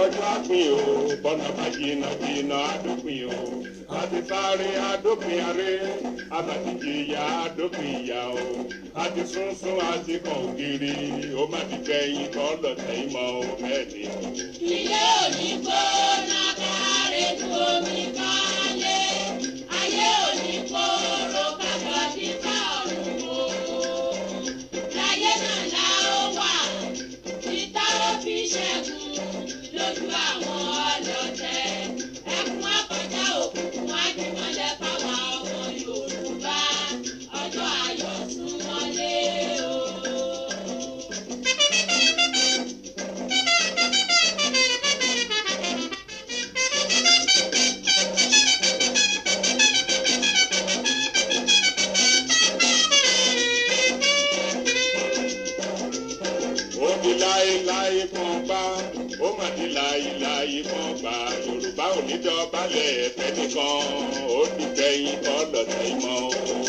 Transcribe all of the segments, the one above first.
lọ́jọ́ àpín o bọ́nà bá jìnnà jìnnà àdópin o àti sáré àdópin aré àtàtìjì ìyá àdópin ìyá o àti sunsun àti kàn ògiri ó má ti gbẹ̀yìn kọ́ lọ́tẹ̀ ìmọ̀ o bẹ́ẹ̀ ni. ilé òní gbóná kárí kú omi kárí. Let me go. ó me kẹ́yìn kọ́ lọ́tẹ̀ ìmọ̀.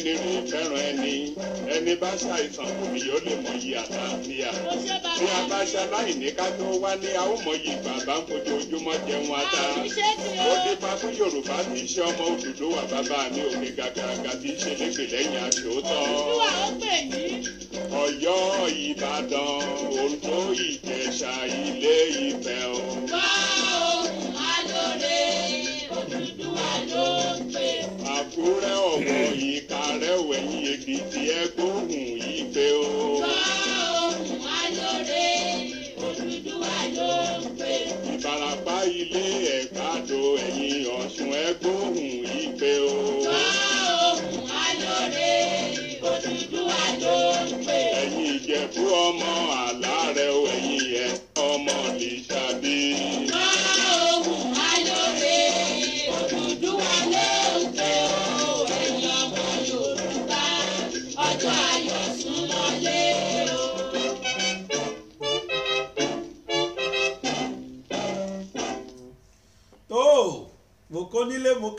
ẹni mú fẹ́ràn ẹni ẹni bá ṣàìsàn kò ní yóò lè mọ iye àtàfíà tí a bá ṣaláìní ká tó wálé a ó mọ bàbá ń fojoojúmọ́ jẹun ata ó nípa fún Yorùbá kì ṣe ọmọ òdòdó wà bàbá mi ò gàgàgà kì ṣe lébè lẹ́yìn àṣòótọ́ Ọ̀yọ́ Ìbàdàn Oǹdó Ìjẹ̀ṣà Ilé Ifẹ̀ o. rẹ ọmọ yìí ká rẹ wẹ̀yìn ègbì tí yìí pé o. gbóhùn ayọ̀dẹ òdúdú ayọ̀ ẹ̀yìn ọ̀ṣun ẹ yìí pé o. gbóhùn ìjẹ̀bú ọmọ àlá rẹ ẹ̀yìn ẹ̀ ọmọ lè ṣá.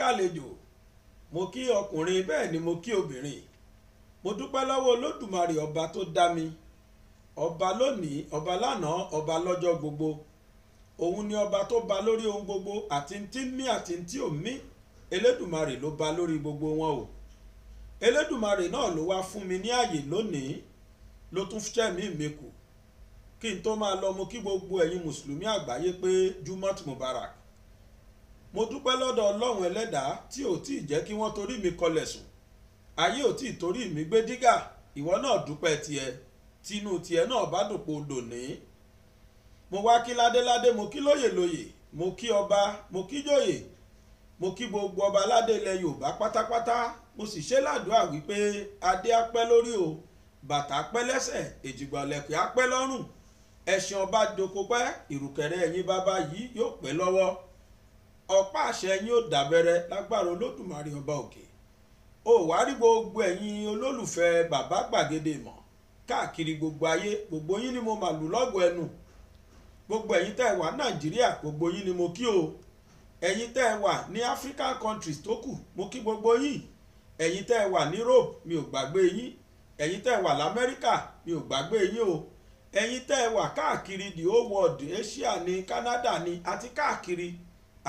kàlejò mo kí ọkùnrin bẹ́ẹ̀ ni mo kí obìnrin mo dúpẹ́ lọ́wọ́ olódùmarè ọba tó dá mi ọba lónìí ọba lánàá ọba lọ́jọ́ gbogbo òun ni ọba tó ba lórí ohun gbogbo àti tí mí àti tí ò mí elédùmarè ló ba lórí gbogbo wọn o elédùmarè náà ló wá fún mi ní àyè lónìí ló tún ṣẹ̀mí mi kù kí n tó máa lọ mo kí gbogbo ẹ̀yin mùsùlùmí àgbáyé pé jumat mubarak mo dúpẹ́ lọ́dọ̀ ọlọ́run ẹlẹ́dàá tí ò tí ì jẹ́ kí wọ́n torí mi kọlẹ̀ sùn ayé ò tí ì torí mi gbé dígà ìwọ náà dúpẹ́ tiẹ̀ tinú tiẹ̀ náà bá dùnpọ̀ dòní. mo wá kí ládéládé mo kí lóyè lóyè mo kí ọba mo kí jòyè mo kí gbogbo ọba aládé ilẹ̀ yorùbá pátápátá mo sì ṣe ládùúà wípé adé á lórí o bàtà á pẹ́ lẹ́sẹ̀ èjìgbà ọ̀lẹ̀kẹ̀ á pẹ́ lọ́rùn ẹ̀sìn ọba dòkópẹ́ ìrùkẹ̀rẹ̀ ẹ̀yìn bàbá yìí yóò pẹ́ lọ́wọ́ ọ̀pá àṣẹ yín ó dàbẹ̀rẹ̀ lágbára olódùmarè ọba òkè o wá rí gbogbo ẹ̀yin olólùfẹ́ bàbá gbàgede mọ̀ káàkiri gbogbo ayé gbogbo yín ni mo mà lù lọ́gọ̀ ẹnu gbogbo ẹ̀yin tẹ́ ẹ wà nàìjíríà gbogbo yín ni mo kí o ẹ̀yin tẹ́ ẹ wà ní african countries tó kù mo kí gbogbo yín ẹ̀yin tẹ́ ẹ wà ní europe mi ò gbàgbé yín ẹ̀yin tẹ́ ẹ wà lamẹ́ríkà mi ò gbàgbé yín o ẹ̀yin tẹ́ ẹ wà káàkiri the whole world asia ni canada ni àti káàkiri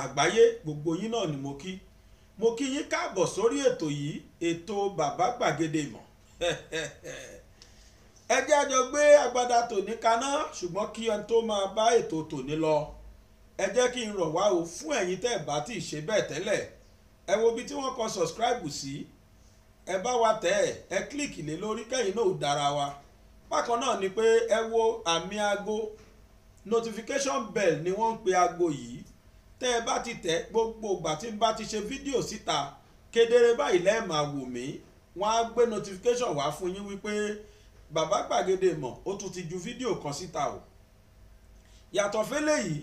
àgbáyé gbogbo yín náà ni mo kí mo kí yín káàbọ̀ sórí ètò yìí ètò bàbá gbàgede ìmọ̀ ẹ jẹ́ àjọ gbé agbada tòní kaná ṣùgbọ́n kí ẹni tó máa bá ètò tòní lọ ẹ jẹ́ kí n rọ̀ wá o fún ẹ̀yin tẹ́ ẹ̀ bá ti ṣe bẹ́ẹ̀ tẹ́lẹ̀ ẹ wo ibi tí wọ́n kọ subscribe sí ẹ bá wa tẹ̀ ẹ̀ ẹ kílìkì lé lórí kẹ́yìn náà dára wa bákan náà ni pé ẹ wo àmì aago notification bell ni wọ́n ń pe aago yìí tẹ́ ẹ bá ti tẹ̀ gbogbo ìgbà tí n bá ti ṣe fídíò síta kedere báyìí lẹ́ẹ̀ wò mí wọ́n á gbé notification wá fún yín wípé bàbá gbàgede mọ̀ ó tún ti ju fídíò kan síta o yàtọ̀ fẹ́lẹ̀ yìí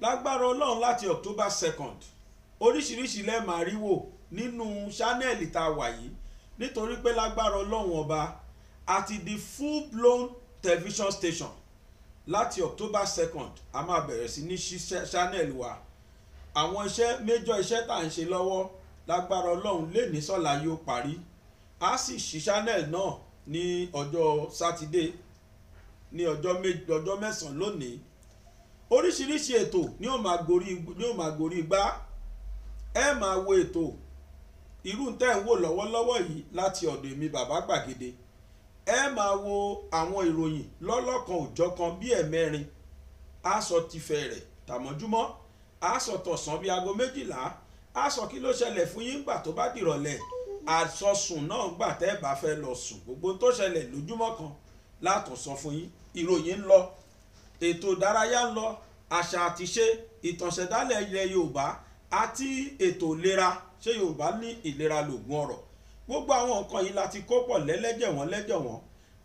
lágbára ọlọ́run láti october second oríṣiríṣi lẹ́ẹ̀ máa rí wò nínú ṣánẹ́ẹ̀lì tá a wà yìí nítorí pé lágbára ọlọ́run ọba àti di full blown television station láti october second a máa bẹ̀rẹ̀ sí ní ṣánẹ́ẹ̀lì wa àwọn iṣẹ́ méjọ iṣẹ́ tá à ń ṣe lọ́wọ́ lágbára ọlọ́run lè ní sọ́la yóò parí a sì ṣí channel náà ní ọjọ́ sátidé ní ọjọ́ mẹ́sàn-án lónìí oríṣiríṣi ètò ni ó máa gorí ni ó máa gorí gbá ẹ máa wo ètò irú tẹ́ ń wò lọ́wọ́lọ́wọ́ yìí láti ọ̀dọ̀ èmi bàbá gbàgede ẹ máa wo àwọn ìròyìn lọ́lọ́kan òjọ̀kan bíi ẹ̀mẹ́rin aṣọ ti fẹ̀rẹ̀ tàmọ́júmọ́ aṣọ tọ̀sán bíi aago méjìlá aṣọ kí ló ṣẹlẹ̀ fún yín gbà tó bá dìrọ̀lẹ́ àsọsùn náà gbà tẹ́ ẹ bá fẹ́ lọ sùn gbogbo tó ṣẹlẹ̀ lójúmọ́ kan látọ̀ sọ fún yín ìròyìn ń lọ ètò ìdárayá ń lọ àṣà àti ṣe ìtànṣẹ̀dálẹ̀ ilẹ̀ Yorùbá àti ètò ìlera ṣé Yorùbá ní ìlera lògùn ọ̀rọ̀ gbogbo àwọn nǹkan yìí la ti kó pọ̀ lẹ́lẹ́jẹ̀wọ́n lẹ́jẹ̀wọ́n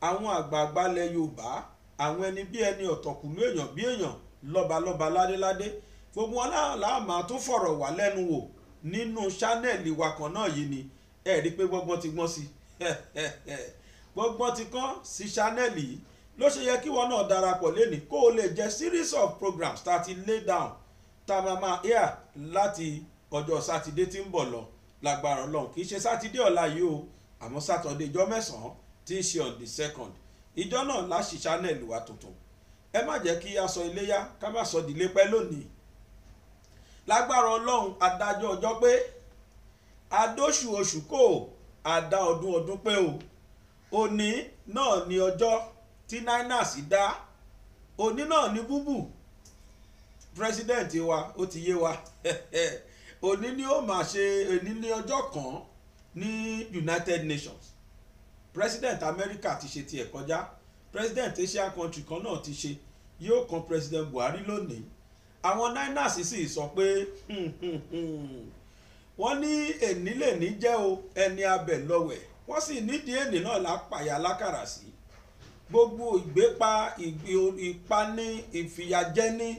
àwọn àgbààgbà ilẹ̀ Yorùbá àwọn ẹni bí ẹni ọ̀tọ̀kùlú èèyàn bí èèyàn lọ́balọ́ba ládéládé gbogbo wọn náà láàmà tó fọ̀rọ̀ wá lẹ́nu wò nínú ṣánẹ́ẹ̀lì wa kan náà yìí ni ẹ rí i pé gbọ́ngbọ́n ti gbọ́n sí gbọ́ngbọ́n ti kán sí ṣánẹ́ẹ̀lì yìí ló ṣe yẹ kí wọn náà darapọ̀ lẹ́nìí kó o lè jẹ́ series of programs tá a ti lay down tá a máa máa air láti ọjọ́ sátidé tí ń bọ̀ lọ lágbára ọlọ́run kì í ṣe sátidé ọ̀la yìí o àmọ́ sátọ̀dé ìjọ mẹ́sàn-án tí ń ṣe on the second ìjọ náà láṣì ṣánẹ́ẹ̀lì wa tuntun ẹ má jẹ́ kí a sọ iléyá ká má sọ dìlépẹ́ lónìí lágbára ọlọ́run adájọ́ ọjọ́ pé adóṣù oṣù kò àdá ọdún ọdún pé o òní náà ni ọjọ́ tí ninas dá òní náà ni búbù president wa ó ti yé wa òní ni ó máa ṣe òní ní ọjọ́ kan ní United Nations president America ti ṣe tiẹ̀ kọjá president Asia country kan náà ti ṣe yóò kan president Buhari lónìí àwọn niners sì sọ pé wọ́n ní èní lè ní jẹ́ o ẹni abẹ lọ́wẹ̀ wọ́n sì nídìí èní náà lápàyà lákàrà sí gbogbo ìgbépa ìpani ìfìyàjẹni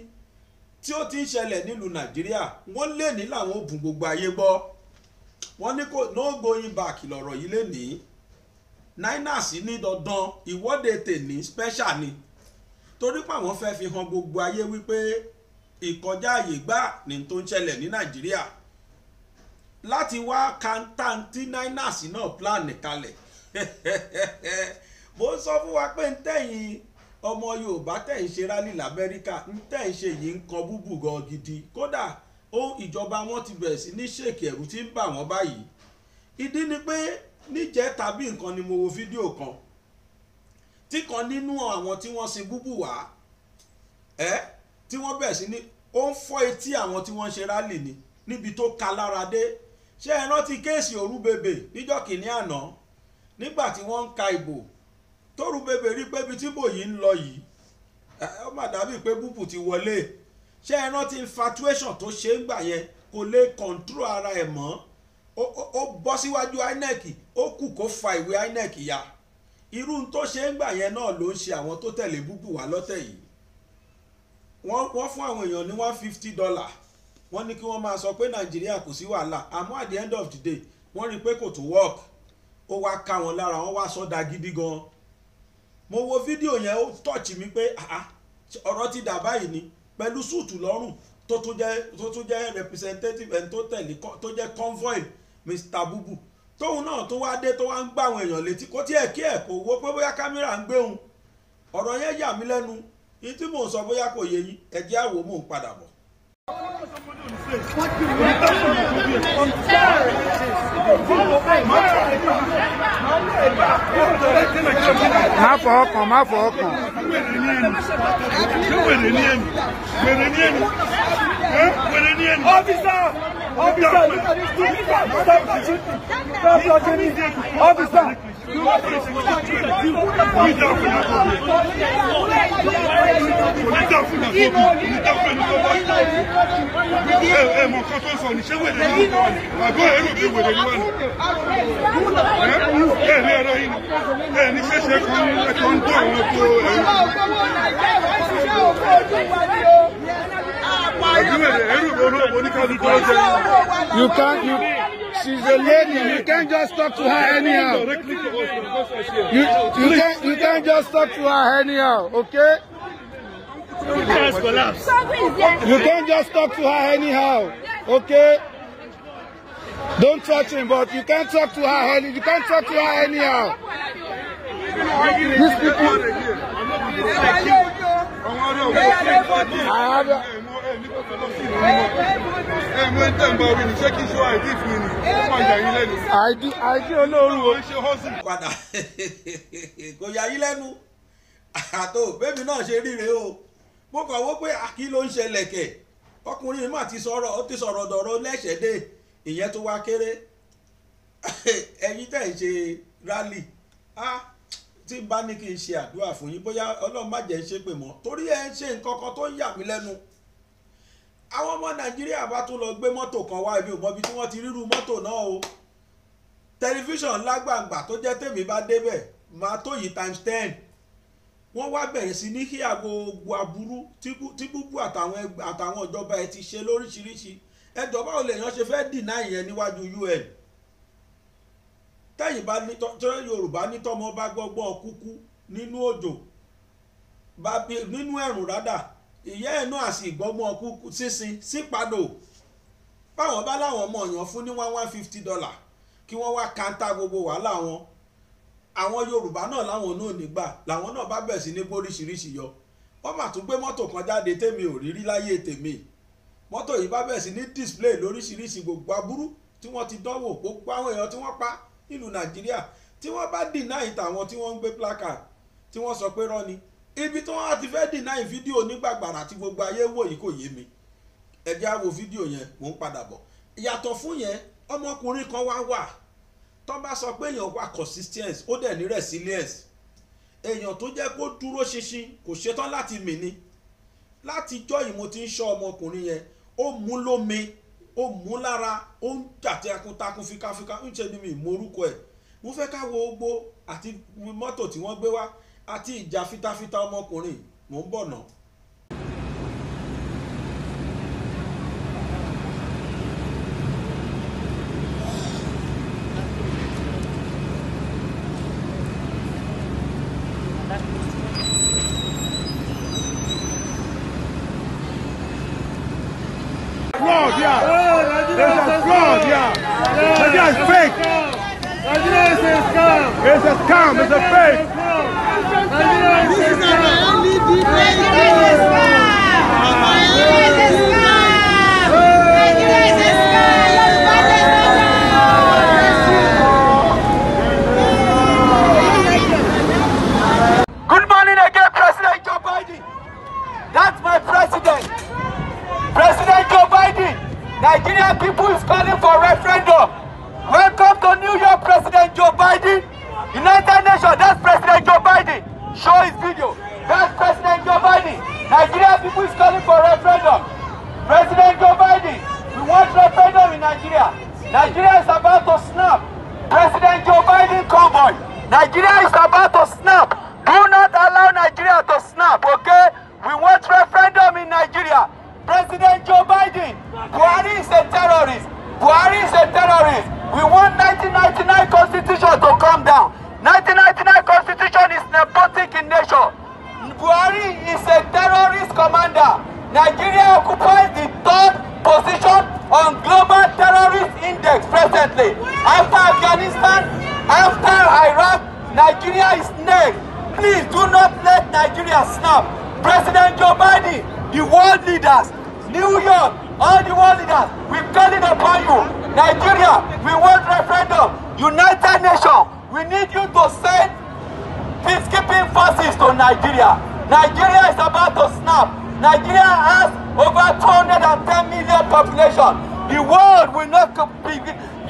tí ó ti ń ṣẹlẹ̀ nílùú nàìjíríà wọ́n lè ní làwọn ò bùn gbogbo ayé gbọ́ wọ́n ní kò no going back lọ̀rọ̀ yìí lè ní niners ní dandan ìwọ́de tèmi special ni torí pé àwọn fẹ́ fi hàn gbogbo ayé wípé ìkọjá àyè gbá ní tó ń ṣẹlẹ̀ ní nàìjíríà láti wá kantanti niners náà plan kalẹ̀ mo sọ fún wa pé ntẹ̀yìn ọmọ yorùbá tẹ̀ ṣe rálì lamẹ́ríkà ntẹ̀ yìí ń gan gidi kódà ó ìjọba wọn ti bẹ̀rẹ̀ sí ní ṣèkì ẹ̀rù tí ń bà wọ́n báyìí ìdí ni pé níjẹ́ tí wọ́n bẹ̀rẹ̀ sí ní ó ń fọ́ etí àwọn tí wọ́n ń ṣe rálì ni níbi tó ka lára dé ṣé ẹ rántí kéèsì Orúbebè níjọ́ kìíní àná nígbà tí wọ́n ń ka ìbò tóòrùbebè rí pé ibi tí bò yìí ń lọ yìí ó mà dàbí pé búbù ti wọlé ṣé ẹ rántí infatuation tó ṣe ń gbà yẹn kò lè control ara ẹ̀ mọ́ ó bọ́ síwájú INEC ó kù kó fa ìwé INEC ya irú tó ṣe ń gbà yẹn náà ló ń ṣe àwọn tó tẹ̀lé búbù wá lọ́tẹ̀ yìí wọ́n fún àwọn èèyàn ní one fifty dollar wọ́n ní kí wọ́n máa sọ pé nàìjíríà kò sí wàhálà àmọ́ at the end of the day wọ́n rí i pé kò tó work ó wá ká wọn lára wọ́n wá sọ́dà gidi gan mo wo fídíò yẹn ó tọ́ọ̀chì mi pé ọ̀rọ̀ ti dà báyìí ni pẹ̀lú súùtù lọ́rùn tó tún jẹ́ tó tún jẹ́ representative ẹni tó tẹ̀lé tó jẹ́ convoy Mr Bubu tóun náà tó wá dé tó wá ń gbà àwọn èèyàn létí kó tiẹ̀ kí ẹ̀ kó wo pé bóyá kámẹ́rà ń gbé òun ọ̀rọ̀ yẹn yà mí lẹ́nu yìí tí mò ń sọ bóyá kò yé yín ẹ jẹ́ á wò mò ń padà bọ̀. má fọ ọkàn má fọ ọkàn. wèrè ní ẹnu wèrè ní ẹnu wèrè ní ẹnu. ọ́fíìsà ọ́fíìsà ọ́fíìsà ọ́fíìsà ọ́fíìsà. You can't, you, She's a lady. You can't just talk to her anyhow. You, you, can't, you can't just talk to her anyhow, okay? You can't just talk to her anyhow, okay? Don't touch him, but you can't talk to her anyhow. You can't talk to her anyhow. These people. I have ẹ mú ẹni tẹ́ ń bá orí ni ṣé kí n ṣe ID fún mi ni ó máa yà yín lẹ́nu. ID ID olóoru o. ṣe hustle. padà kò yà yín lẹ́nu àtò bẹ́ẹ̀mi náà ṣe ríre o mo kàn wó pé àkí ló ń ṣẹlẹ̀ kẹ̀ ọkùnrin mà ti sọ̀rọ̀ ó ti sọ̀rọ̀ dọ̀rọ̀ lẹ́sẹ̀dẹ̀ ìyẹn tó wá kéré ẹ̀yin tẹ̀ ń ṣe rally ah tí bá ní kí n ṣe àdúrà fún yín bóyá ọlọ́run má jẹ́ ń ṣépè mọ́ torí ẹ ń ṣe nǹkan kan tó ń yà mí lẹ́nu àwọn ọmọ nàìjíríà bá tún lọ gbé mọ́tò kan wá ibi ìmọ̀bi tí wọ́n ti rírú mọ́tò náà o tẹlifíṣàn lágbàǹgbà tó jẹ́ tèmi bá débẹ̀ máa tó yìí times ten wọ́n wá bẹ̀rẹ̀ sí ní híà gbogbo aburú tí búbú àtàwọn ìjọba ẹ̀ ti ṣe lóríṣiríṣi ẹjọ́ báwo lèèyàn ṣe fẹ́ dìnnà ìyẹn níwájú un tẹ́yìn bá ní tọ́jọ́ yorùbá ní tọ́mọ bá gbọ́gbọ́ kúkú nínú òjò nínú ẹ̀rùn rádà ìyá ẹnu àti ìgbọ́mọ kúkú sísin sípadò báwọn bá láwọn ọmọ yàn fún ní one one fifty dollar kí wọ́n wá kanta gbogbo wàhálà wọn àwọn yorùbá náà láwọn náà nígbà làwọn náà bá bẹ̀ sí ní bóríṣiríṣi yọ wọ́n mà tún gbé mọ́tò kan jáde tèmi ò rírí láyé tèmi mọ́tò yìí bá bẹ̀ sí ní display lóríṣiríṣi gbogbo aburú tí wọ́n ti dánwò gbogbo àwọn èèyàn tí wọ́n pa nílùú nàìjíríà tí wọ́n bá deny tàwọn tí wọ́n ń gbé placard tí wọ́n sọ pé rọ́ni ibi tí wọ́n á ti fẹ́ deny fídíò nígbàgbàrà tí gbogbo ayé wò yìí kò yé mi ẹ jẹ́ á wo fídíò yẹn mò ń padà bọ̀ yàtọ̀ fún yẹn ọmọkùnrin kan wá wà tó bá sọ pé èèyàn wà consistency ó dẹ̀ ní resilience èèyàn tó jẹ́ kó dúró ṣinṣin kò ṣetán láti mì ni láti jọ́ yìí mo ti ń ṣọ́ ọmọkùnrin yẹn ó mú lómi ó mú lára ó ń jàtí takuntakun fikafika ń ṣe ni mi mọ orúkọ ẹ̀ mo fẹ́ ká wo gbogbo àti mọ́tò tí wọ́n gbé wá àti ìjà fitafita ọmọkùnrin mò ń bọ̀ náà. Nigeria is about to snap. Do not allow Nigeria to snap, okay? We want referendum in Nigeria. President Joe Biden, Buhari is a terrorist. Buhari is a terrorist. We want 1999 constitution to come down. 1999 constitution is nepotic in nature. Buhari is a terrorist commander. Nigeria occupies the third position on global terrorist index presently. After Afghanistan, After Iraq, Nigeria is next. Please do not let Nigeria snap. President Joe Biden, the world leaders, New York, all the world leaders, we call it upon you. Nigeria, we want referendum. United Nations, we need you to send peacekeeping forces to Nigeria. Nigeria is about to snap. Nigeria has over 210 million population. The world will not be,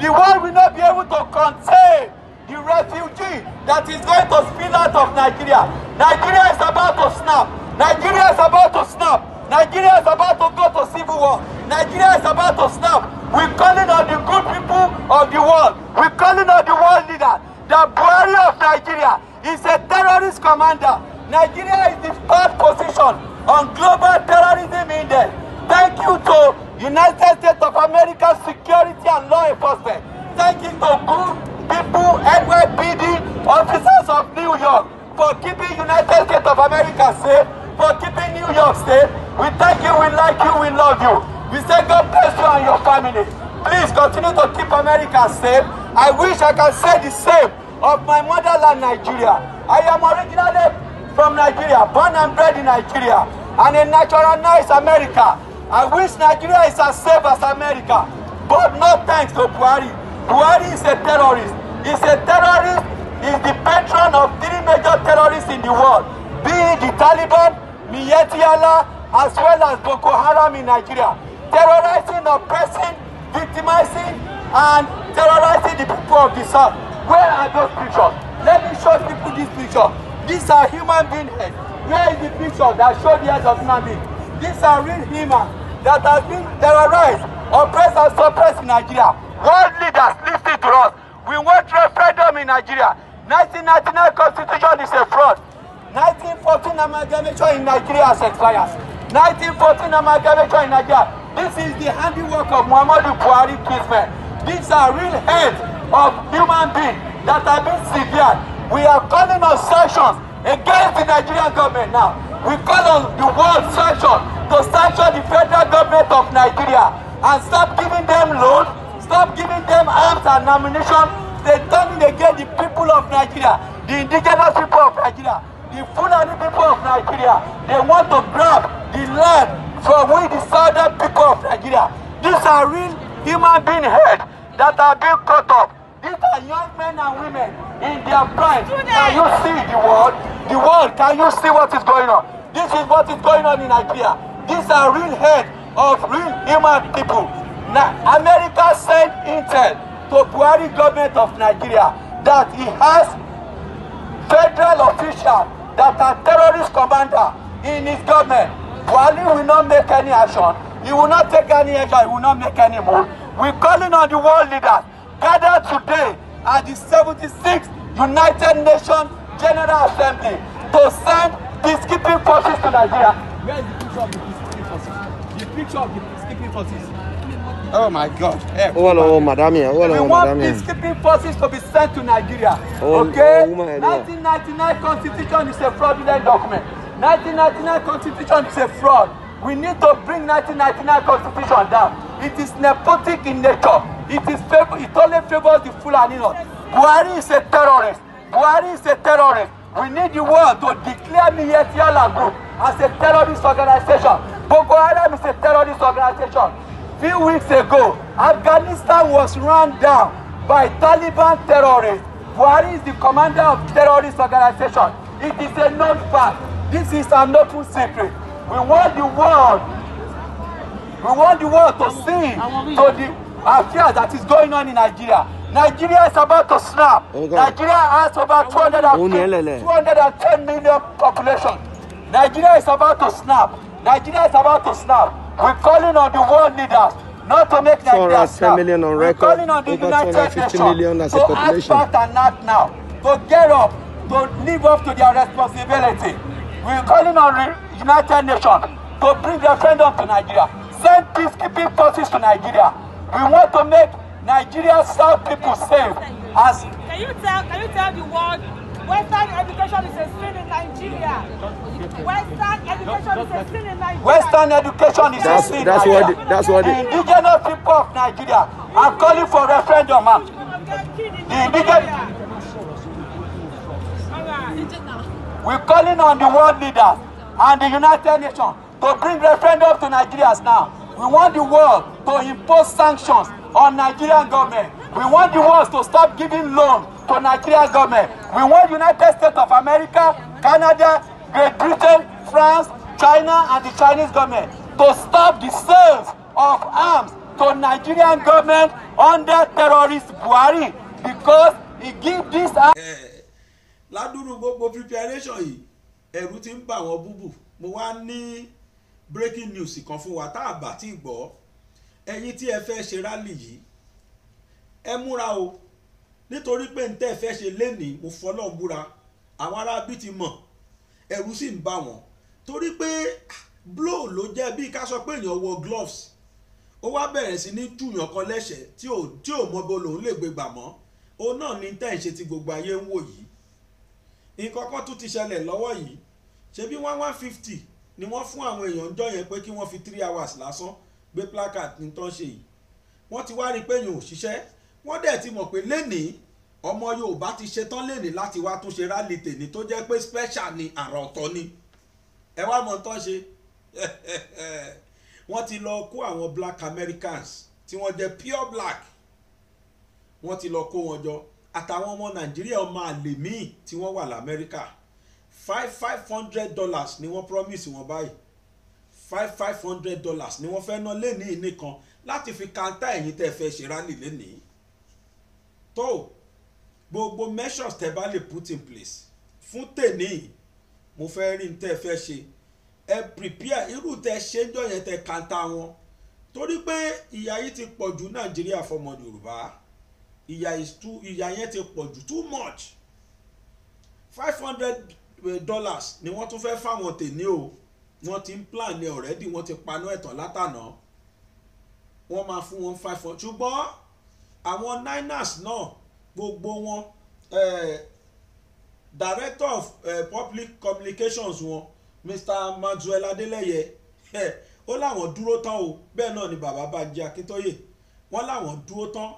the world will not be able to contain the refugee that is going to spill out of Nigeria. Nigeria is about to snap. Nigeria is about to snap. Nigeria is about to go to civil war. Nigeria is about to snap. We're calling on the good people of the world. We're calling on the world leader. The Buhari of Nigeria is a terrorist commander. Nigeria is the third position on global terrorism index. Thank you to United States of America security and law enforcement. Thank you to good people, NYPD officers of New York, for keeping United States of America safe, for keeping New York safe. We thank you, we like you, we love you. We say God bless you and your family. Please continue to keep America safe. I wish I can say the same of my motherland, Nigeria. I am originally from Nigeria, born and bred in Nigeria, and a naturalized America. I wish Nigeria is as safe as America. But no thanks to Buhari. Buhari is a terrorist is a terrorist, is the patron of three major terrorists in the world, being the Taliban, Miyeti Allah, as well as Boko Haram in Nigeria, terrorizing, oppressing, victimizing, and terrorizing the people of the South. Where are those pictures? Let me show people this picture. These are human being heads. Where is the picture that show the heads of human beings? These are real humans that have been terrorized, oppressed, and suppressed in Nigeria. World leaders, listen to us. We want referendum in Nigeria. 1999 constitution is a fraud. 1914 amalgamation in Nigeria has expired. 1914 amalgamation in Nigeria. This is the handiwork of Muhammadu Buhari Kismet. These are real heads of human beings that have been severed. We are calling on sanctions against the Nigerian government now. We call on the world sanction to sanction the federal government of Nigeria and stop giving them loans stop giving them arms and ammunition. They turning against the people of Nigeria, the indigenous people of Nigeria, the Fulani people of Nigeria. They want to grab the land from which the southern people of Nigeria. These are real human being heads that are being cut up. These are young men and women in their prime. Can you see the world? The world, can you see what is going on? This is what is going on in Nigeria. These are real heads of real human people. Now, America sent intel to Buhari government of Nigeria that he has federal officials that are terrorist commander in his government. Buhari will not make any action. He will not take any action. He will not make any move. We're calling on the world leaders gathered today at the 76th United Nations General Assembly to send peacekeeping forces to Nigeria. Where is the picture of the peacekeeping forces? The picture of the peacekeeping forces. Oh my God. oh, hello, madam. madam. Oh, hello, we want peacekeeping forces to be sent to Nigeria. Oh, oh okay? Oh, 1999 Constitution is a fraudulent document. 1999 Constitution is a fraud. We need to bring 1999 Constitution down. It is nepotic in nature. It is favor it only favors the Fulani North. Buhari is a terrorist. Buhari is a terrorist. We need the world to declare Miyetti Allah Group as a terrorist organization. Boko Haram is a terrorist organization few weeks ago, Afghanistan was run down by Taliban terrorists. Buhari is the commander of terrorist organization. It is a known fact. This is an open secret. We want the world, we want the world to see to the affairs that is going on in Nigeria. Nigeria is about to snap. Nigeria has over 210, 210 million population. Nigeria is about to snap. Nigeria is about to snap. We're calling on the world leaders not to make Nigeria snap. Million on record, We're calling on the United Nations million to act fast and act now, to get up, to live up to their responsibility. We're calling on the United Nations to bring referendum to Nigeria. Send peacekeeping forces to Nigeria. We want to make Nigeria's South people safe. As can you tell? Can you tell the world? Western education is a sin in Nigeria. Western education is a sin in Nigeria. Western education is that's, a sin that's in Nigeria. What, that's what the indigenous people of Nigeria I'm calling for referendum, ma'am. The indigenous... We're calling on the world leaders and the United Nations to bring referendum to Nigerians now. We want the world to impose sanctions on Nigerian government. We want the world to stop giving loans to Nigerian government. We want United States of America, Canada, Great Britain, France, China and the Chinese government to stop the sales of arms to Nigerian government under terrorist Buhari because he give this arms. Eh, ládùúrú gbogbo preparation yìí ẹ̀rù ti ń bà wọ́n búbù mo wá ní breaking news kan fún wa tá a bá ti gbọ́ ẹ̀yin tí ẹ fẹ́ ṣe rálì yìí ẹ múra o nítorí pé n tẹ́ fẹ́ ṣe lénìí mo fọlọ́n búra àwọn arábí ti mọ̀ ẹ̀rù sì ń bà wọ́n torí pé ah, blow ló jẹ́ bí ká sọ pé èèyàn wọ gloves ó wá bẹ̀rẹ̀ sí ní túyàn kan lẹ́sẹ̀ tí ò tí ò mọbo lòun lè gbé gbà mọ́ òun náà ní tẹ́ ń ṣe ti gbogbo ayé ń wò yìí nǹkan kan tún ti ṣẹlẹ̀ lọ́wọ́ yìí ṣe bí one one fifty ni wọ́n fún àwọn èèyàn ń jọ yẹn pé kí wọ́n fi three hours lásán gbé placard ní tán ṣe yìí wọ́n ti wá rí i pé èèyàn ò ṣiṣẹ́ wọ́n dẹ̀ ti mọ̀ pé lẹ́nìí ọmọ Yorùbá ti ṣetán lẹ́nìí láti wá tún ṣe rálì tèmi tó jẹ́ pé special ni àrà ọ̀tọ̀ ni ẹ wá mọ̀ tán ṣe wọ́n ti lọ kó àwọn black Americans tí wọ́n jẹ́ pure black wọ́n ti lọ kó wọn jọ àtàwọn ọmọ Nàìjíríà ọmọ àlè míì tí wọ́n wà lamẹ́ríkà five five hundred dollars ni wọ́n promise wọn báyìí five five hundred dollars ni wọ́n fẹ́ ná lẹ́nìí nìkan láti fi kanta ẹ̀yìn tẹ́ fẹ́ ṣe rálì lẹ́nìí tó gbogbo measures tẹ bá lè put in place fún tèmi mo fẹ́ rí ní tẹ́ fẹ́ ṣe ẹ prepare irú tẹ ṣe jọ yẹn tẹ kanta wọn torí pé ìyà yìí ti pọ̀ jù nàìjíríà fọmọ yorùbá ìyà is too ìyà yẹn ti pọ̀ jù too much five hundred eh, dollars ni wọ́n tún fẹ́ fáwọn tèmi o wọ́n ti ń plan ní already wọ́n ti paná ẹ̀tàn látànà wọ́n máa fún wọn five hundred ṣùgbọ́n àwọn Niners náà gbogbo wọn eh, director of eh, public communications wọn Mr. Maxwell Adeleye eh, ó láwọn dúró tán o bẹ́ẹ̀ náà ni bàbá Bánjí Akíntóyè wọ́n láwọn dúró tán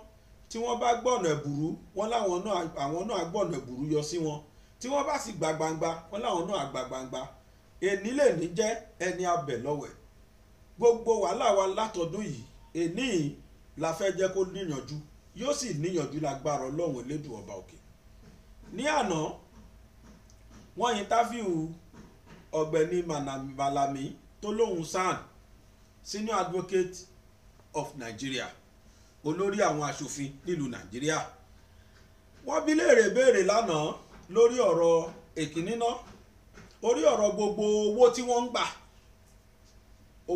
tí wọ́n bá gbọ̀nà ẹ̀bùrú wọ́n láwọn náà àwọn náà gbọ̀nà ẹ̀bùrú yọ sí wọn tí wọ́n bá sì gbà gbangba wọ́n láwọn náà gbà gbangba èní lè ní jẹ́ ẹni abẹ̀ lọ́wẹ̀ gbogbo wàhálà wa látọdún yìí èní la fẹ́ jẹ́ kó níyànjú yóò sì níyànjú lágbára ọlọ́run elédùn ọba òkè ní àná wọ́n intaviu ọ̀gbẹ́ni malami tolóhùn san senior advocate of Nigeria olórí àwọn asòfin nílùú Nàìjíríà wọ́n bí léèrè béèrè lánàá lórí ọ̀rọ̀ èkìníná orí ọ̀rọ̀ gbogbo owó tí wọ́n ń gbà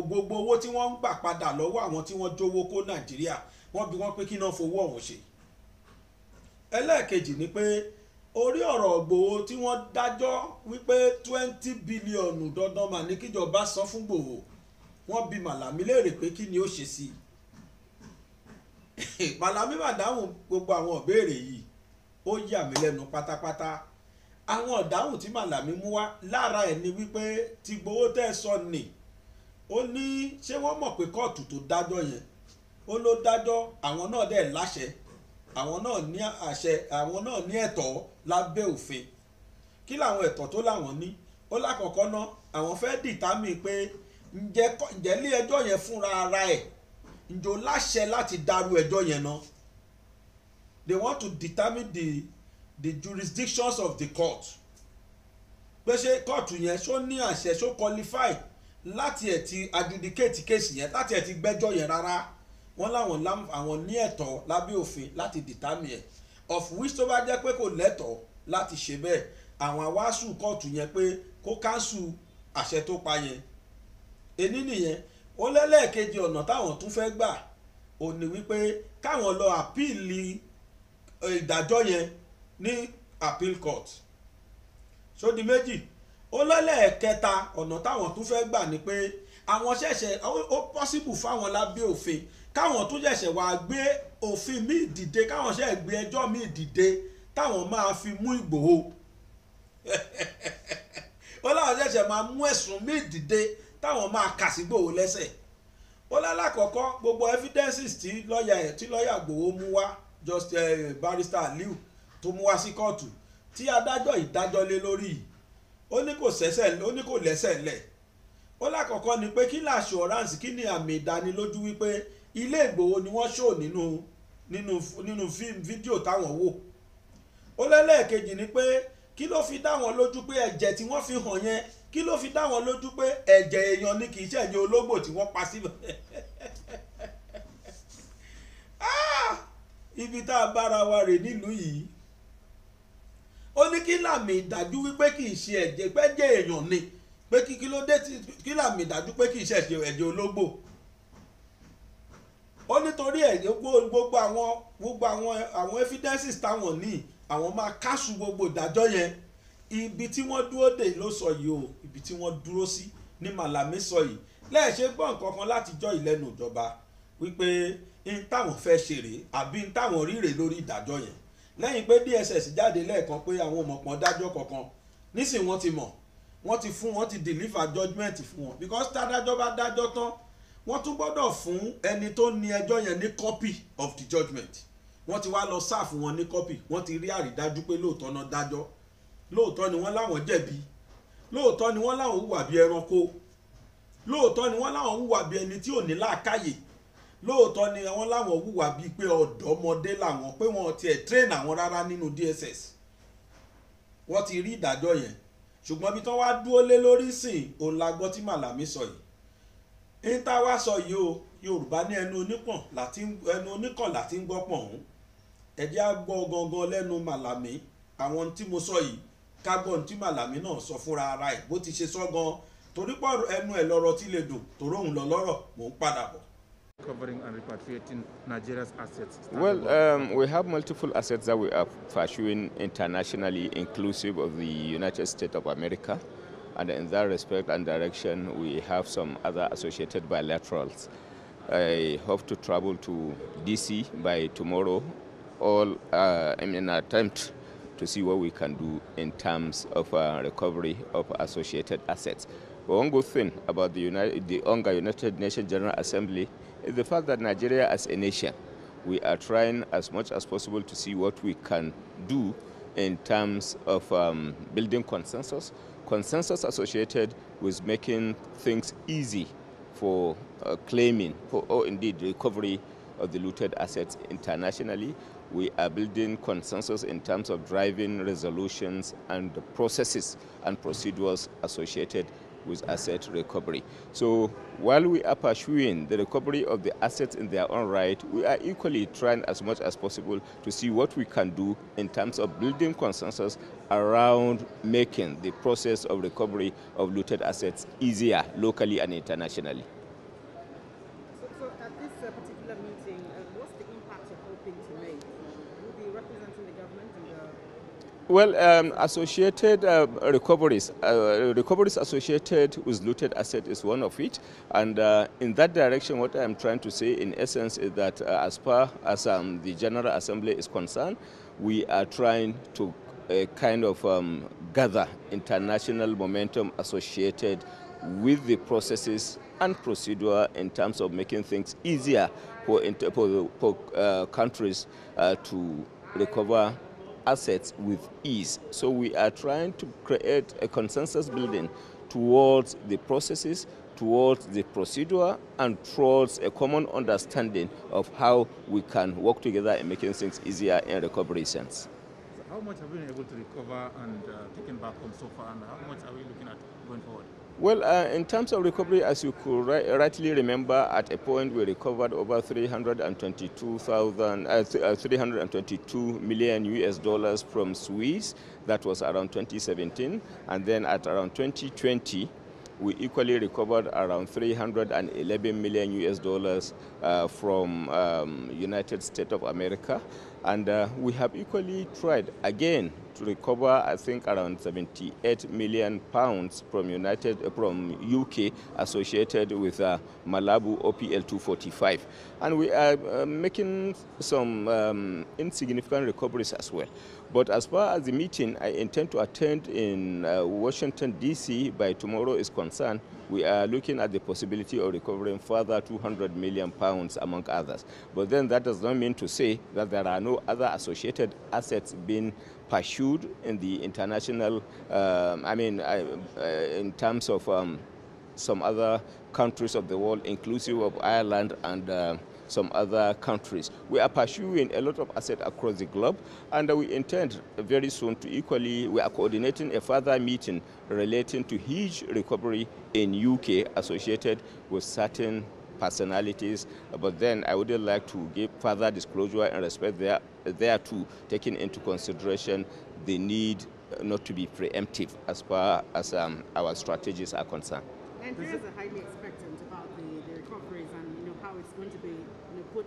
gbogbo owó tí wọ́n ń gbà padà lọ́wọ́ àwọn tí wọ́n jówó kó Nàìjíríà wọ́n bi wọ́n pé kí náà fowó ọ̀hún ṣe ẹlẹ́ẹ̀kejì ni pé orí ọ̀rọ̀ Ìgbòho tí wọ́n dájọ́ wípé twenty bílíọ̀nù dandan mà ní kíjọba san fún Ìgbòho wọ́n bi Màlàmí léèrè pé kí ni ó ṣe sí i Màlàmí mà dáhùn gbogbo àwọn ìbéèrè yìí ó yà mí lẹ́nu pátápátá àwọn ọ̀dáhùn tí Màlàmí mú wá lára ẹ̀ ni wípé ti Ìgbòho tẹ́ ẹ sọ nì ó ní ṣé wọ́n mọ̀ pé kóòtù tó dájọ́ yẹn ó ló dájọ́ àwọn náà dẹ̀ láṣẹ àwọn náà ní àṣẹ àwọn náà ní ẹ̀tọ́ lábẹ́ òfin kí làwọn ẹ̀tọ́ tó làwọn ní ó lákọ̀ọ́kọ́ ná àwọn fẹ́ dìtámì pé ǹjẹ́ ilé ẹjọ́ yẹn fúnra ara ẹ̀ ǹjọ́ láṣẹ láti dárú ẹjọ́ yẹn ná they want to determine the the jurisdictions of the court pé ṣé kóòtù yẹn ṣó ní àṣẹ ṣó qualify láti ẹ̀ ti adjudicate case yẹn láti ẹ̀ ti gbẹ́jọ́ yẹn rárá wọ́n láwọn àwọn ní ẹ̀tọ́ lábẹ́ òfin láti dìtámì ẹ̀ of which tó bá jẹ́ pé kò lẹ́tọ̀ọ́ láti ṣe bẹ́ẹ̀ àwọn awáṣù kóòtù yẹn pé kó káńsù àṣẹ tó pa yẹn ení nìyẹn ó lẹ́lẹ́ẹ̀kejì ọ̀nà táwọn tún fẹ́ gbà ò ní wípé káwọn lọ àpíìlì eh, ìdájọ́ yẹn ní appeal court sódi méjì ó lẹ́lẹ́ẹ̀kẹta ọ̀nà táwọn tún fẹ́ gbà ni pé àwọn ṣẹ̀ṣẹ̀ ó possible fáwọn lábẹ́ òfin káwọn tún ṣẹ̀ṣẹ̀ wá gbé òfin míì dìde káwọn ṣẹ̀ gbé ẹjọ́ míì dìde táwọn máa fi mú Ìgbòho ó láwọn ṣẹ̀ṣẹ̀ máa mú ẹ̀sùn míì dìde táwọn máa kà sí Ìgbòho lẹ́sẹ̀ ó lálàkọ̀ọ́kọ́ gbogbo evidences tí lọ́ọ̀yà ẹ̀ tí lọ́ọ̀yà Ìgbòho mú wá just uh, barrister Aliu tó mú wá sí kóòtù tí adájọ́ ìdájọ́ lé lórí ó ní kò sẹ́sẹ̀ ó ní kò lẹ́sẹ̀ lẹ̀ ó lákọ̀ọ́kọ́ ni pé kí ni assurance kí ni àmì ìdánilójú wípé ilé Ìgbòho ni wọ́n ṣò nínú nínú nínú fídíò táwọn wò ó lẹ́lẹ́ẹ̀kejì ni pé kí ló fi dá wọn lójú pé ẹ̀jẹ̀ tí wọ́n fi hàn yẹn kí ló fi dá wọn lójú pé ẹ̀jẹ̀ èèyàn ni kì í ṣẹ̀jẹ̀ ológbò tí wọ́n pa síbẹ̀ ah! ibi tá a bára wa rè nílùú yìí ó ní kí làmì ìdájú wípé kì í ṣe ẹ̀jẹ̀ pẹ́jẹ̀ èèyàn ni pé kí ló dé kí làmì ìdájú pé kì í ṣẹ̀jẹ̀ ẹ̀jẹ̀ ológbò ó nítorí ẹ̀ gbogbo àwọn gbogbo àwọn àwọn evidences táwọn ní àwọn máa káṣù gbogbo ìdájọ́ yẹn ibi tí wọ́n dúró dè ló sọ yìí o ibi tí wọ́n dúró sí ní Màlàmí sọ yìí lẹ́ẹ̀ṣẹ́ gbọ́ nǹkan kan látijọ́ ìlẹ́nu ìjọba wípé n táwọn fẹ́ ṣe rèé àbí n táwọn ríre lórí ìdájọ́ yẹn lẹ́yìn pé DSS jáde lẹ́ẹ̀kan pé àwọn ọmọkàn dájọ́ kankan nísìnyí wọ́n ti mọ̀ wọ́n ti fún wọ́n ti deliver judgement fún wọn because tádájọ́ bá dájọ́ tán wọ́n tún gbọ́dọ̀ fún ẹni tó ní ẹjọ́ yẹn ní copy of the judgment wọ́n ti wá lọ sáàfù wọn ní copy wọ́n ti rí àrídájú pé lóòótọ́ náà dájọ́ lóòótọ́ ni wọ́n láwọn jẹ̀bi lóòótọ́ ni wọ́n láwọn hùwà bí ẹranko lóòótọ́ ni wọ́n láwọn hùwà bí ẹni tí ò ní làákàyè lóòótọ́ ni wọ́n láwọn hùwà bíi pé ọ̀dọ́mọdé làwọn pé wọ́n tiẹ̀ train àwọn rárá nínú DSS wọ́n ti rí ìdájọ́ yẹn ṣùgbọ́n ibi tí wọ́n wá dúró lé lórí sìn òun la gbọ́ tí màlàmí sọ yìí níta yìí o yorùbá ní ẹnu onípọ̀n láti ẹnu oníkàn láti ń gbọ́ ọ̀hún ẹ̀jẹ̀ á gbọ́ gangan lẹ́nu màlàmí àwọn tí mo sọ yìí kágbọ́n tí màlàmí náà sọ fúnra ara ẹ̀ bó ti ṣe sọ gan torí pọ̀ ẹnu ẹ̀ lọ́rọ̀ tí lè dùn tòró òun lọ lọ́rọ̀ mò ń padà bọ̀. Recovering and repatriating Nigeria's assets? Well, um, we have multiple assets that we are pursuing internationally, inclusive of the United States of America. And in that respect and direction, we have some other associated bilaterals. I hope to travel to DC by tomorrow, all uh, in an attempt to see what we can do in terms of uh, recovery of associated assets. But one good thing about the, United, the UNGA, United Nations General Assembly, is the fact that Nigeria as a nation, we are trying as much as possible to see what we can do in terms of um, building consensus, consensus associated with making things easy for uh, claiming for, or indeed recovery of the looted assets internationally. We are building consensus in terms of driving resolutions and the processes and procedures associated with asset recovery. So while we are pursuing the recovery of the assets in their own right, we are equally trying as much as possible to see what we can do in terms of building consensus around making the process of recovery of looted assets easier locally and internationally. Well, um, associated uh, recoveries, uh, recoveries associated with looted asset is one of it. And uh, in that direction, what I'm trying to say in essence is that uh, as far as um, the General Assembly is concerned, we are trying to uh, kind of um, gather international momentum associated with the processes and procedure in terms of making things easier for, for, for uh, countries to recover assets with ease. So we are trying to create a consensus building towards the processes, towards the procedure, and towards a common understanding of how we can work together in making things easier in recovery sense. how much have you been able to recover and uh, taken back home so far, and how much are we looking at going forward? Well, uh, in terms of recovery, as you could ri rightly remember, at a point we recovered over 322,000, uh, uh, 322 million US dollars from Swiss. That was around 2017. And then at around 2020, we equally recovered around 311 million US dollars uh, from um, United States of America. And uh, we have equally tried again to recover, I think, around 78 million pounds from United from UK associated with uh, Malabu OPL 245, and we are uh, making some um, insignificant recoveries as well. But as far as the meeting I intend to attend in uh, Washington, D.C. by tomorrow is concerned, we are looking at the possibility of recovering further 200 million pounds, among others. But then that does not mean to say that there are no other associated assets being pursued in the international, um, I mean, uh, in terms of um, some other countries of the world, inclusive of Ireland and uh, some other countries. We are pursuing a lot of assets across the globe and we intend very soon to equally, we are coordinating a further meeting relating to huge recovery in UK associated with certain personalities, but then I would like to give further disclosure and respect there, there too, taking into consideration the need not to be preemptive as far as um, our strategies are concerned. highly expected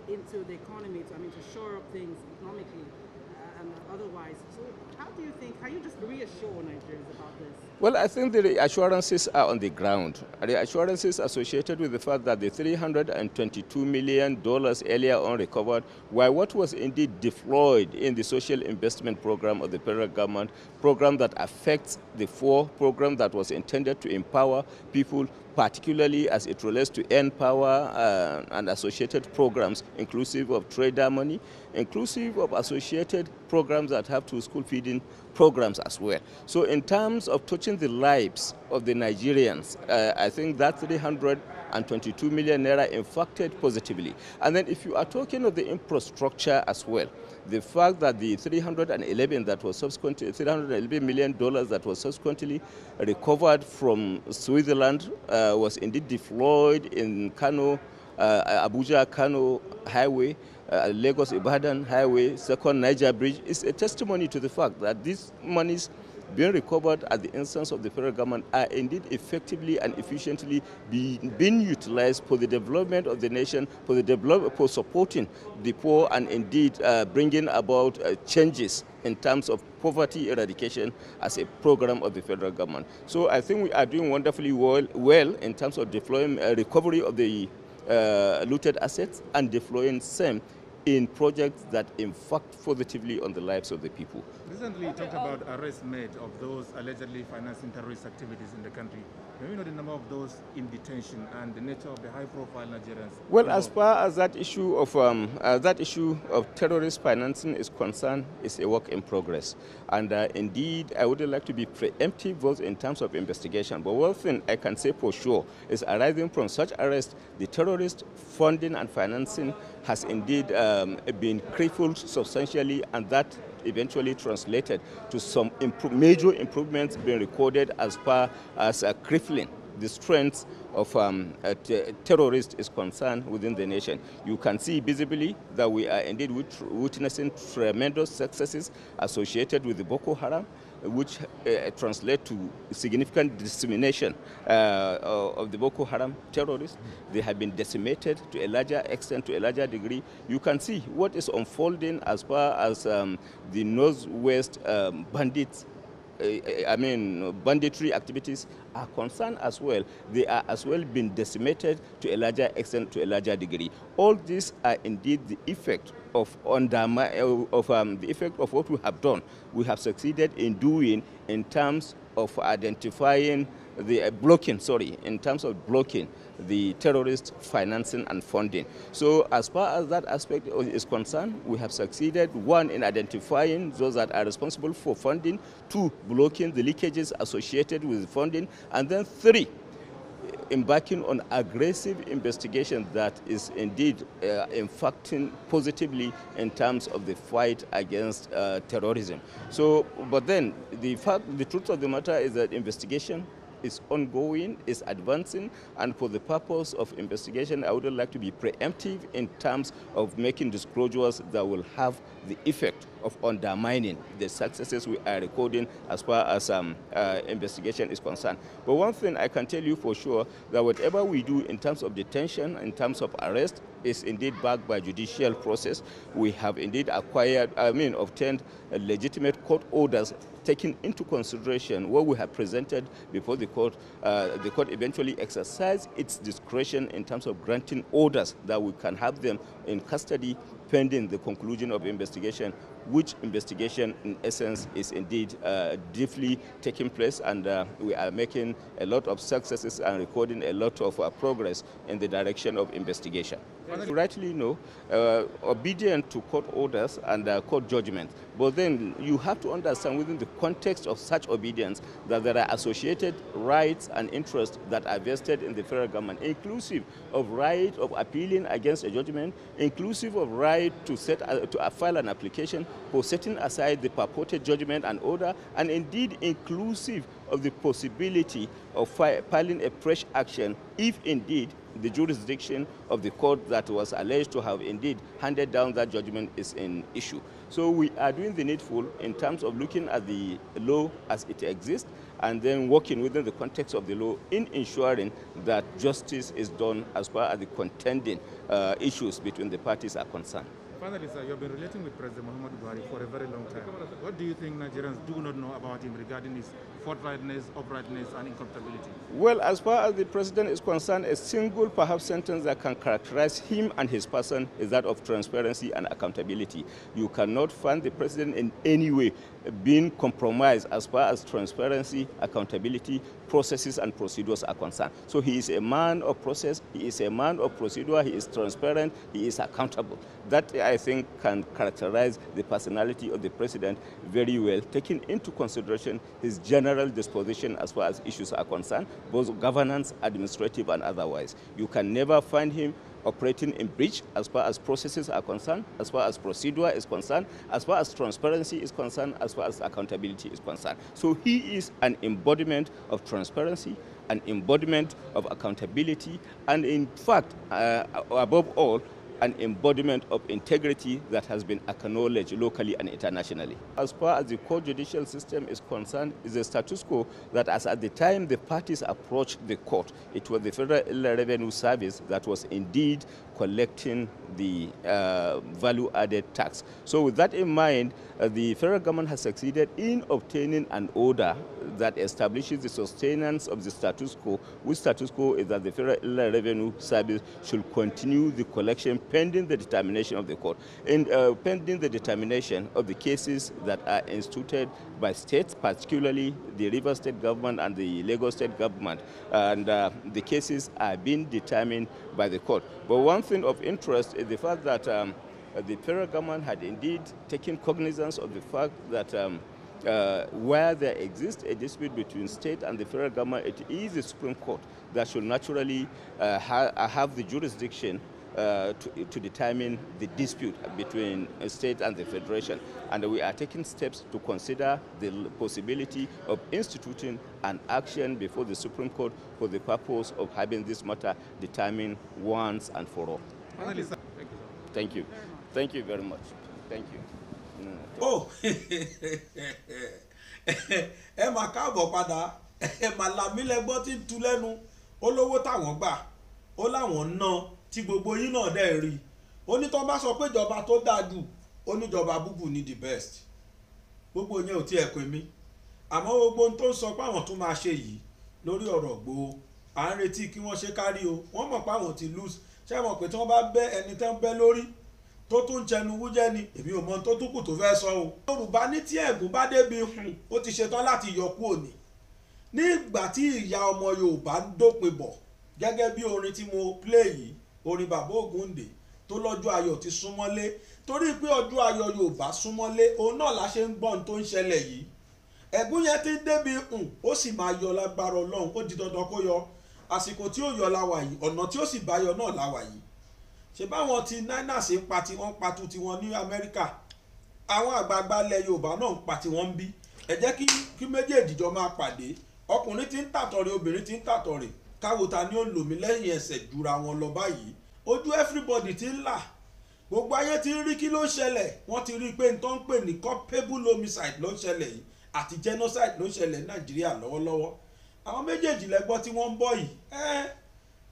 into the economy, to, I mean, to shore up things economically uh, and otherwise. So how do you think, can you just reassure Nigerians about this? Well, I think the assurances are on the ground. The assurances associated with the fact that the $322 million earlier on recovered were what was indeed deployed in the social investment program of the federal government, program that affects the four, program that was intended to empower people particularly as it relates to end power uh, and associated programs, inclusive of trader money, inclusive of associated programs that have to school feeding programs as well. So in terms of touching the lives of the Nigerians, uh, I think that 322 million naira impacted positively. And then if you are talking of the infrastructure as well, the fact that the 311 that was subsequently 311 million dollars that was subsequently recovered from Switzerland uh, was indeed deployed in Kano uh, uh, Abuja Kano Highway, uh, Lagos Ibadan Highway, second Niger Bridge, is a testimony to the fact that these monies being recovered at the instance of the federal government are indeed effectively and efficiently being, being utilized for the development of the nation, for the develop, for supporting the poor, and indeed uh, bringing about uh, changes in terms of poverty eradication as a program of the federal government. So I think we are doing wonderfully well, well in terms of deploying uh, recovery of the uh, looted assets and deploying same in projects that impact positively on the lives of the people. Recently you talked about arrests made of those allegedly financing terrorist activities in the country. Do you know the number of those in detention and the nature of the high-profile Nigerians? Well, as far as that issue of um, uh, that issue of terrorist financing is concerned, it's a work in progress. And uh, indeed, I would like to be preemptive both in terms of investigation. But one thing I can say for sure is arising from such arrests, the terrorist funding and financing has indeed um, been crippled substantially and that eventually translated to some impro major improvements being recorded as far as uh, crippling the strength of um, terrorists is concerned within the nation. You can see visibly that we are indeed witnessing tremendous successes associated with the Boko Haram, which uh, translate to significant dissemination uh, of the Boko Haram terrorists. They have been decimated to a larger extent, to a larger degree. You can see what is unfolding as far as um, the Northwest um, bandits uh, I mean, banditry activities are concerned as well. They are as well being decimated to a larger extent, to a larger degree. All these are indeed the effect of, the, uh, of um, the effect of what we have done. We have succeeded in doing in terms of identifying the uh, blocking, sorry, in terms of blocking the terrorist financing and funding. So as far as that aspect is concerned, we have succeeded, one, in identifying those that are responsible for funding, two, blocking the leakages associated with funding, and then three, embarking on aggressive investigation that is indeed uh, impacting positively in terms of the fight against uh, terrorism. So, but then the fact, the truth of the matter is that investigation is ongoing, is advancing, and for the purpose of investigation, I would like to be preemptive in terms of making disclosures that will have the effect of undermining the successes we are recording as far as um, uh, investigation is concerned. But one thing I can tell you for sure that whatever we do in terms of detention, in terms of arrest, is indeed backed by judicial process. We have indeed acquired, I mean, obtained legitimate court orders taking into consideration what we have presented before the court. Uh, the court eventually exercised its discretion in terms of granting orders that we can have them in custody pending the conclusion of investigation which investigation in essence is indeed uh, deeply taking place and uh, we are making a lot of successes and recording a lot of uh, progress in the direction of investigation. You rightly know, uh, obedient to court orders and uh, court judgments. But then you have to understand within the context of such obedience that there are associated rights and interests that are vested in the federal government, inclusive of right of appealing against a judgment, inclusive of right to, set, uh, to uh, file an application for setting aside the purported judgment and order, and indeed inclusive of the possibility of filing a fresh action if indeed the jurisdiction of the court that was alleged to have indeed handed down that judgment is in issue. So we are doing the needful in terms of looking at the law as it exists and then working within the context of the law in ensuring that justice is done as far as the contending uh, issues between the parties are concerned. Finally, sir, you've been relating with President Muhammad Buhari for a very long time. What do you think Nigerians do not know about him regarding his forthrightness, uprightness, and incorruptibility? Well, as far as the president is concerned, a single perhaps sentence that can characterize him and his person is that of transparency and accountability. You cannot find the president in any way being compromised as far as transparency, accountability, processes and procedures are concerned. So he is a man of process, he is a man of procedure, he is transparent, he is accountable. That I think can characterize the personality of the president very well, taking into consideration his general disposition as far as issues are concerned, both governance, administrative and otherwise. You can never find him operating in breach as far as processes are concerned, as far as procedure is concerned, as far as transparency is concerned, as far as accountability is concerned. So he is an embodiment of transparency, an embodiment of accountability, and in fact, uh, above all, an embodiment of integrity that has been acknowledged locally and internationally. As far as the court judicial system is concerned, is a status quo that as at the time the parties approached the court, it was the Federal Revenue Service that was indeed collecting the uh, value-added tax. So with that in mind, uh, the federal government has succeeded in obtaining an order that establishes the sustenance of the status quo, which status quo is that the Federal Revenue Service should continue the collection pending the determination of the court and uh, pending the determination of the cases that are instituted by states, particularly the River State government and the Lagos State government. And uh, the cases are being determined by the court. But one thing of interest is the fact that um, the federal government had indeed taken cognizance of the fact that um, uh, where there exists a dispute between state and the federal government, it is the Supreme Court that should naturally uh, ha have the jurisdiction uh, to, to, determine the dispute between a state and the federation. And we are taking steps to consider the possibility of instituting an action before the Supreme Court for the purpose of having this matter determined once and for all. Thank you. Thank you. Thank you very much. Thank you. Oh, ẹ máa káàbọ̀ padà ẹ máa làmílẹ̀ gbọ́ tí ń tu lẹ́nu tí gbogbo yín náà dẹ̀ rí ó ní tó bá sọ pé ìjọba tó dáa jù ó búbù ní the best gbogbo yẹn ò tiẹ̀ pè mí àmọ́ gbogbo ohun tó ń sọ pé àwọn máa ṣe yìí lórí ọ̀rọ̀ Ìgbòho à ń retí kí wọ́n ṣe kárí o wọ́n mọ̀ pé àwọn ti lose ṣé mọ̀ pé tí wọ́n bá bẹ́ ẹni tẹ́ ń bẹ́ lórí tó tún ń jẹnu wújẹ́ ni èmi ò mọ tó tún kù tó fẹ́ sọ o. Yorùbá ní tí ẹ̀gún bá débi hùn ó ti ṣetán láti yọkú òní nígbà tí ìyá ọmọ Yorùbá ń dópin bọ̀ gẹ́gẹ́ bí orin tí mo play yìí orin bàbá Ògúndé tó lọ́jọ́ ayọ̀ ti súnmọ́lé torí pé ọjọ́ ayọ̀ Yorùbá súnmọ́lé òun náà la ṣe ń gbọ́n tó ń ṣẹlẹ̀ yìí ẹ̀gún yẹn ti ń débi hùn ó sì máa yọ lágbára Ọlọ́run ó di dandan kó yọ àsìkò tí ó yọ la wà yìí ọ̀nà tí ó sì bá yọ náà la wà yìí ṣe báwọn ti niners ń pa tiwọn ń pa tu tiwọn ní Amẹ́ríkà àwọn àgbààgbà ilẹ̀ Yorùbá náà ń pa tiwọn ń bí ẹ jẹ́ kí méjèèjì jọ máa pàdé ọkùnrin ti ń tàtọ̀rẹ̀ obìnrin ti ń tàtọ̀rẹ̀ káwo ta ni ó lò mí lẹ́yìn ẹsẹ̀ jura wọn lọ báyìí ojú everybody ti ń là gbogbo ayé ti ń rí kí ló ń ṣẹlẹ̀ wọ́n ti rí i pé nǹkan ń pè ní culpable homicide ló ń ṣẹlẹ̀ yìí àti genocide ló ń ṣẹlẹ̀ ní nàìjíríà lọ́wọ́lọ́wọ́ àwọn méjèèjì lẹ́gbọ́n tí wọ́n ń bọ̀ yìí ẹ́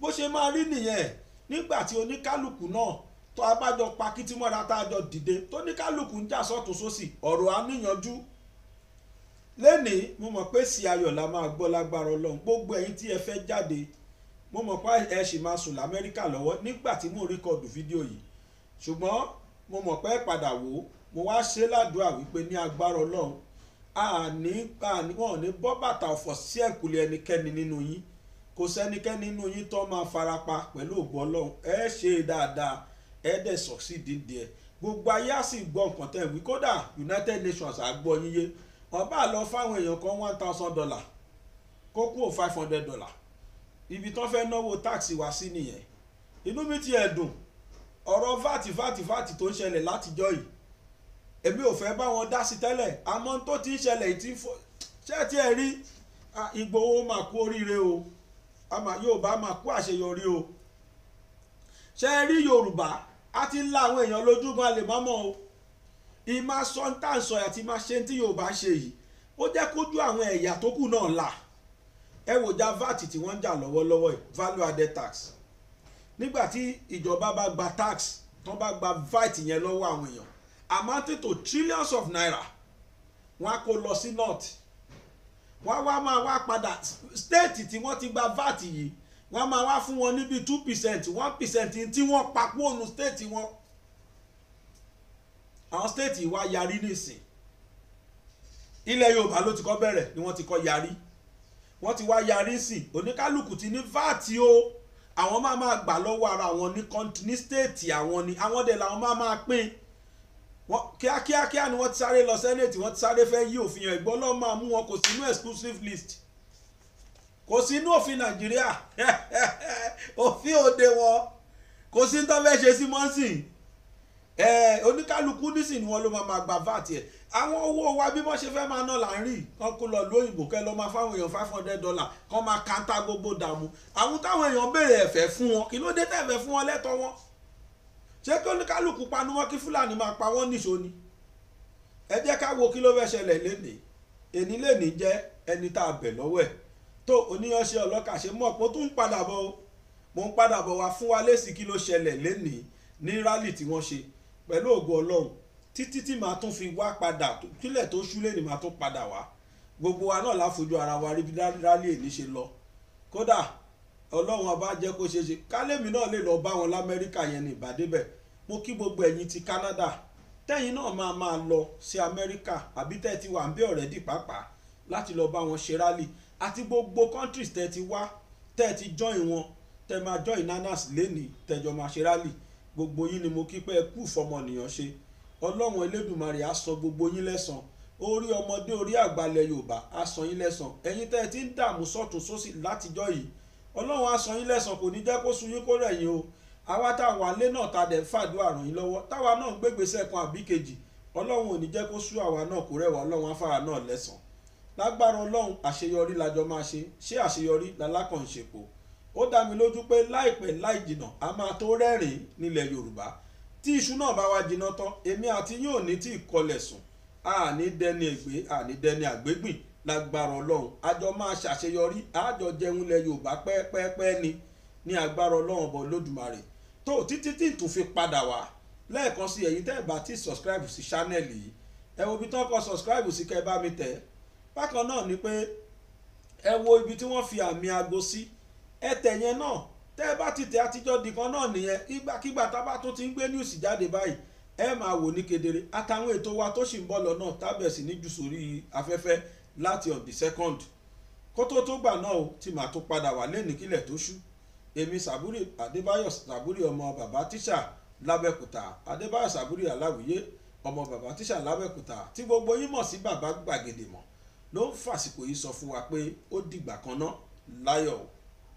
bó ṣe máa rí nìyẹn nígbà tí oníkálukú náà tó abájọ pakítímọ́ra tá a jọ dìde tó ń jà sọ́tún sósì ọ̀rọ̀ àníyànjú lẹ́nìí mo mọ̀ pé sí ayọ̀ la máa gbọ́ lágbára ọlọ́run gbogbo ẹ̀yin tí ẹ fẹ́ jáde mo mọ̀ pé ẹ sì máa sùn lamẹ́ríkà lọ́wọ́ nígbà tí mo rékọ̀dù fídíò yìí ṣùgbọ́n mo mọ̀ pé padà wò ó mo wá ṣe ládùúrà wípé ní agbára ọlọ́run àní wọn ò ní bọ́ bàtà ọ̀fọ̀ sí ẹ̀kúlé ẹnikẹ́ni nínú yín kò sẹ́nikẹ́ni nínú yín tó máa farapa pẹ̀lú ògbó ọlọ́run ẹ ṣe dáadáa ẹ dẹ̀ sọ̀sídìí díẹ̀ gbogbo ayé á sì gbọ́ nǹkan tẹ̀ wí kódà United Nations àgbọ̀ yín yé ọba lọ fáwọn èèyàn kan one thousand dollar kó kúrò five hundred dollar ibi tán fẹ́ náwó táàsì wá sí nìyẹn inú mi ti ẹ̀ dùn ọ̀rọ̀ vati vati vati tó ń ṣẹlẹ̀ látijọ́ yìí èmi ò fẹ́ bá wọn dá sí tẹ́lẹ̀ àmọ́ tó ti ń ṣẹlẹ̀ ìtì ṣé ẹ ti ẹ̀ rí Ìgbòho máa kú oríire o Yorùbá máa kú àṣeyọrí o ṣé ẹ rí Yorùbá a ti ń la àwọn èèyàn lójú gan o ìmá sọ ń tà ń sọ àti ìmá ṣe ń tí Yorùbá ń ṣe yìí ó jẹ́ kójú àwọn ẹ̀yà tó kù náà là ẹ wò já vat tí wọ́n ń jà lọ́wọ́lọ́wọ́ yìí value added tax nígbà tí ìjọba bá gba tax tán bá gba vat yẹn lọ́wọ́ àwọn èèyàn amounting to trillions of naira wọ́n á kó lọ sí north wọ́n á wá máa wá padà state tí wọ́n ti gba vat yìí wọ́n á máa wá fún wọn níbi two percent one percent tí wọ́n pa kúrò ní state wọn àwọn stéètì wa yarí nìsín ilẹ̀ yorùbá ló ti kọ́ bẹ̀rẹ̀ ni wọ́n ti kọ́ yarí wọ́n ti wá yarí sìn oníkálukú ti ní vaati o àwọn máa máa gbà lọ́wọ́ ara wọn ní ní stéètì àwọn ni àwọn dẹ̀ làwọn máa máa pín kíákíákíá ni wọ́n ti sáré lọ sẹ́nẹ̀tì wọ́n ti sáré fẹ́ yí òfin ẹ̀ gbọ́ lọ́ọ́ máa mú wọn kò sínú exclusive list kò sínú òfin nàìjíríà òfin òde wọn kò sí ní tó fẹ́ ṣe sí mọ́sìn oníkálukú nísìnyí wọn ló máa máa gba vat yẹn àwọn owó wa bí wọ́n ṣe fẹ́ máa ná là ń rí kan kó lọ lóyìnbó kẹ́ lọ́ máa fáwọn èèyàn five hundred dollar kan máa kanta gbogbo dààmú àwọn táwọn èèyàn béèrè ẹ̀fẹ̀ fún wọn kí ló dé tẹ̀fẹ̀ fún wọn lẹ́tọ̀ wọn ṣé kí oníkálukú panu wọn kí fúlàní máa pa wọ́n níṣó ni ẹ jẹ́ ká wo kí ló fẹ́ ṣẹlẹ̀ lénìí èní lénìí jẹ́ ẹni tá a bẹ̀ lọ́wọ́ ẹ̀ tó oníyanṣẹ́ ọlọ́kà ṣe mọ̀ pé ó tún ń padà bọ̀ mo ń padà bọ̀ wá fún wa lésì kí ló ṣẹlẹ̀ lénìí ní rálì tí wọ́n ṣe pẹ̀lú ògo ọlọ́run títí tí màá tún fi wá padà kílẹ̀ tó ṣúlẹ̀ ni màá tún padà wá gbogbo wa náà láfojú ara wa rí bí rálí èní ṣe lọ kódà ọlọ́run ọba jẹ́ kó ṣeé ṣe kálẹ́mì náà lè lọ bá wọn lamẹ́ríkà yẹn ní ìbádébẹ̀ mo kí gbogbo ẹ̀yin ti Canada tẹ́yin náà máa máa lọ sí Amẹ́ríkà àbí tẹ́ ti wà ń bẹ́ ọ̀rẹ́dì pàápàá láti lọ bá wọn ṣe rálì àti gbogbo countries tẹ́ ti wá tẹ́ ti join wọn tẹ́ máa join nanas lẹ́ni tẹ́jọ máa ṣe rálì gbogbo yín ni mo kí pé ẹ kú ìfọmọnìyàn ṣe ọlọ́run elédùnmarè á sọ gbogbo yín lẹ́san orí ọmọdé orí àgbàlẹ̀ yorùbá á sọ yín lẹ́san ẹ̀yin tẹ́ ẹ ti ń dààmú sọ́tún sósì látijọ́ yìí ọlọ́run á sọ yín lẹ́san kò ní jẹ́ kó sun yín kó rẹ̀ o àwa táwa lé náà ta dẹ̀ ń fàdúrà ràn yín lọ́wọ́ táwa náà ń gbégbèsè kan àbí kejì ọlọ́run ò ní jẹ́ kó sú àwa náà kó rẹwà ọlọ́run á fà náà lẹ́san lágbára ọlọ́run àṣeyọrí la jọ máa ṣe ṣé àṣeyọrí lalákàn ó dá mi lójú pé láìpẹ́ láì jìnà a máa tó rẹ́rìn-ín nílẹ̀ yorùbá tí iṣu náà bá wá jiná tán èmi àti yóò ní tí ìkọlẹ̀ sùn àní dẹni ègbé àní dẹni àgbégbìn lágbára ọlọ́run àjọ máa ṣàṣeyọrí àjọ jẹun lẹ yorùbá pẹ́ẹ́pẹ́ẹ́pẹ́ ni ní agbára ọlọ́run ọbọ̀ lódùmarè tó títí tí tún fi padà wá lẹ́ẹ̀kan sí ẹ̀yin tẹ́ ẹ̀ bá ti subscribe sí channel yìí ẹ wo ibi tí wọ́n kọ subscribe sí kẹ́ ẹ bá mi tẹ̀ bákan náà ni pé ẹ wo ibi tí wọ́n fi àmì aago sí si ẹtẹ̀ yẹn náà tẹ́ ẹ bá ti tẹ̀ àtijọ́ dìkan náà nìyẹn ìgbàkigbà tá a bá tún ti ń gbé news jáde báyìí ẹ máa wò ní kedere àtàwọn ètò wa tó sì ń bọ̀ lọ́nà tábẹ̀ sí ní jù sórí afẹ́fẹ́ láti of the second kó tó tó gbà náà o ti máa tó padà wà lẹ́nìí kílẹ̀ tó ṣú èmi sàbúrì adébáyọ̀ sàbúrì ọmọ bàbá tíṣà lábẹ́kúta adébáyọ̀ sàbúrì aláwìyé ọmọ bàbá tíṣà lábẹ́kúta tí gbogbo yín mọ̀ sí bàbá gbàgede mọ̀ ló ń fàsìkò yìí sọ fún wa pé ó dìgbà kan ná láyọ̀ o.